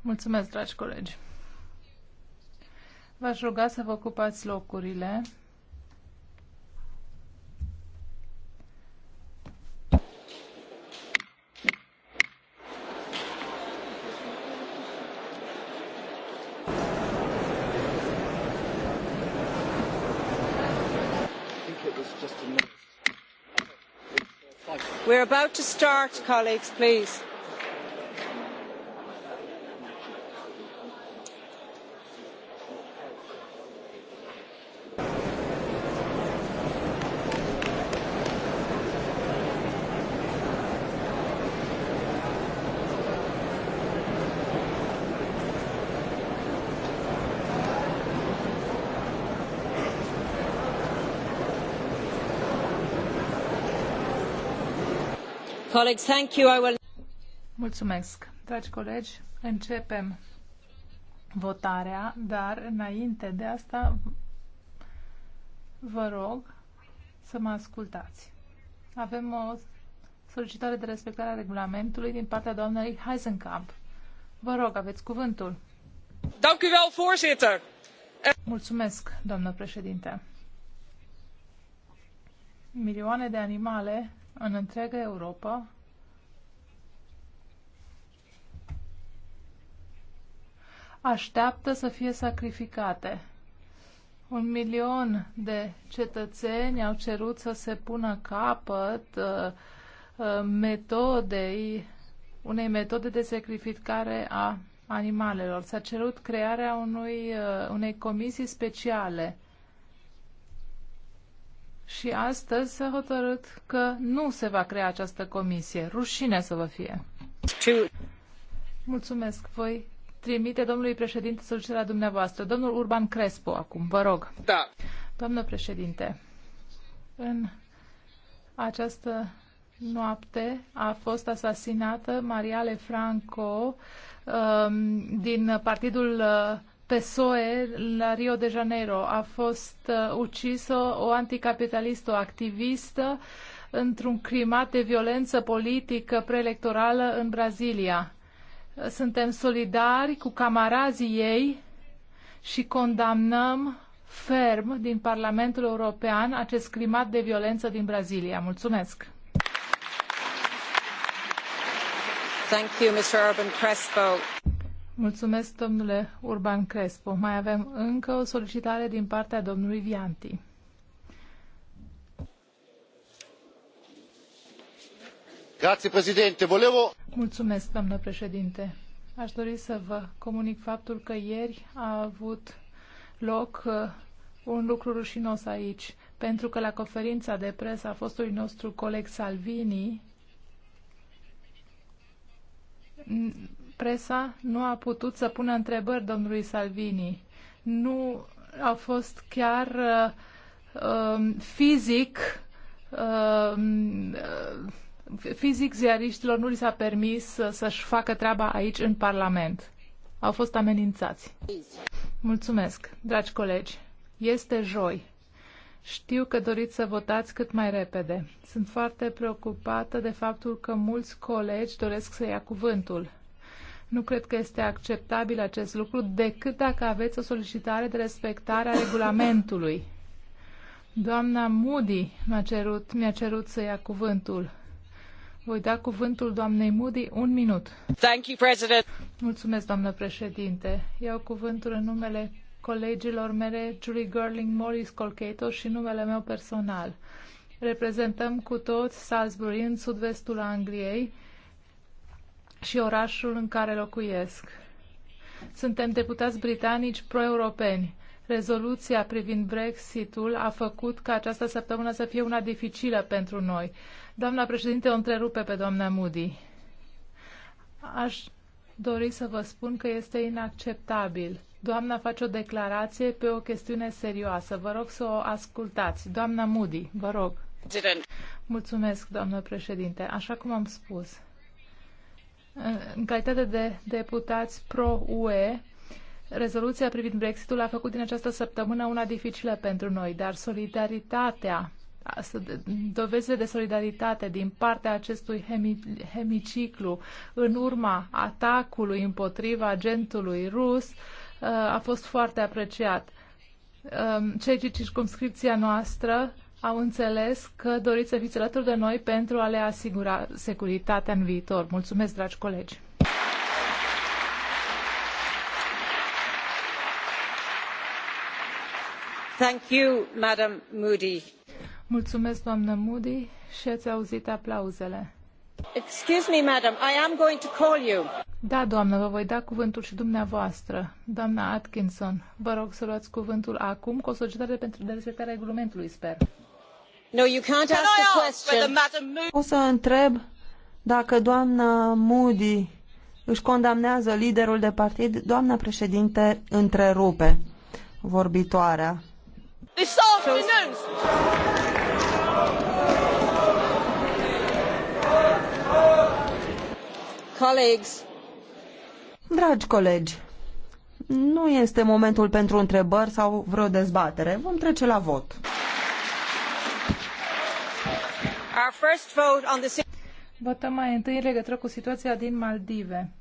Mulțumesc, dragi colegi. V-aș ruga să vă ocupați locurile. We're about to start, colleagues, please. Mulțumesc. Dragi colegi, începem votarea, dar înainte de asta vă rog să mă ascultați. Avem o solicitare de respectare a regulamentului din partea doamnei Heisenkamp. Vă rog, aveți cuvântul. Dank u wel, voorzitter. Mulțumesc, doamnă președinte. Milioane de animale în întreaga Europa așteaptă să fie sacrificate. Un milion de cetățeni au cerut să se pună capăt uh, uh, metodei, unei metode de sacrificare a animalelor. S-a cerut crearea unui, uh, unei comisii speciale și astăzi s-a hotărât că nu se va crea această comisie. Rușine să vă fie! Mulțumesc! Voi trimite domnului președinte solicitarea dumneavoastră. Domnul Urban Crespo, acum, vă rog. Da. Doamnă președinte, în această noapte a fost asasinată Mariale Franco um, din Partidul uh, PSOE la Rio de Janeiro. A fost uh, ucisă o anticapitalistă, o activistă, într-un climat de violență politică preelectorală în Brazilia. Suntem solidari cu camarazii ei și condamnăm ferm din Parlamentul European acest climat de violență din Brazilia. Mulțumesc! Thank you, Mr. Urban Crespo. Mulțumesc, domnule Urban Crespo. Mai avem încă o solicitare din partea domnului Vianti. Grazie, președinte. Volevo... Mulțumesc, doamnă președinte. Aș dori să vă comunic faptul că ieri a avut loc uh, un lucru rușinos aici, pentru că la conferința de presă a fostului nostru coleg Salvini presa nu a putut să pună întrebări domnului Salvini. Nu au fost chiar uh, um, fizic um, uh, fizic ziariștilor nu li s-a permis să-și facă treaba aici în Parlament. Au fost amenințați. Mulțumesc, dragi colegi. Este joi. Știu că doriți să votați cât mai repede. Sunt foarte preocupată de faptul că mulți colegi doresc să ia cuvântul. Nu cred că este acceptabil acest lucru decât dacă aveți o solicitare de respectare a regulamentului. Doamna Moody mi-a cerut, mi cerut să ia cuvântul. Voi da cuvântul doamnei Moody un minut. Thank you, President. Mulțumesc, doamnă președinte. Iau cuvântul în numele colegilor mele, Julie Gerling, Morris Colcato și numele meu personal. Reprezentăm cu toți Salisbury în sud-vestul Angliei și orașul în care locuiesc. Suntem deputați britanici pro-europeni. Rezoluția privind Brexitul a făcut ca această săptămână să fie una dificilă pentru noi. Doamna președinte o întrerupe pe doamna Moody. Aș dori să vă spun că este inacceptabil. Doamna face o declarație pe o chestiune serioasă. Vă rog să o ascultați. Doamna Moody, vă rog. Mulțumesc, doamnă președinte. Așa cum am spus, în calitate de deputați pro-UE, rezoluția privind Brexitul a făcut din această săptămână una dificilă pentru noi, dar solidaritatea, dovezile de solidaritate din partea acestui hemiciclu în urma atacului împotriva agentului rus uh, a fost foarte apreciat. Um, cei ce circumscripția noastră am înțeles că doriți să fiți alături de noi pentru a le asigura securitatea în viitor. Mulțumesc, dragi colegi! Thank you, Madam Moody. Mulțumesc, doamnă Moody, și ați auzit aplauzele. Excuse me, madam, I am going to call you. Da, doamnă, vă voi da cuvântul și dumneavoastră. Doamna Atkinson, vă rog să luați cuvântul acum cu o societate pentru de respectarea regulamentului, sper. O să întreb dacă doamna Moody își condamnează liderul de partid. Doamna președinte, întrerupe vorbitoarea. Dragi colegi, nu este momentul pentru întrebări sau vreo dezbatere. Vom trece la vot. Votăm mai întâi în legătură cu situația din Maldive.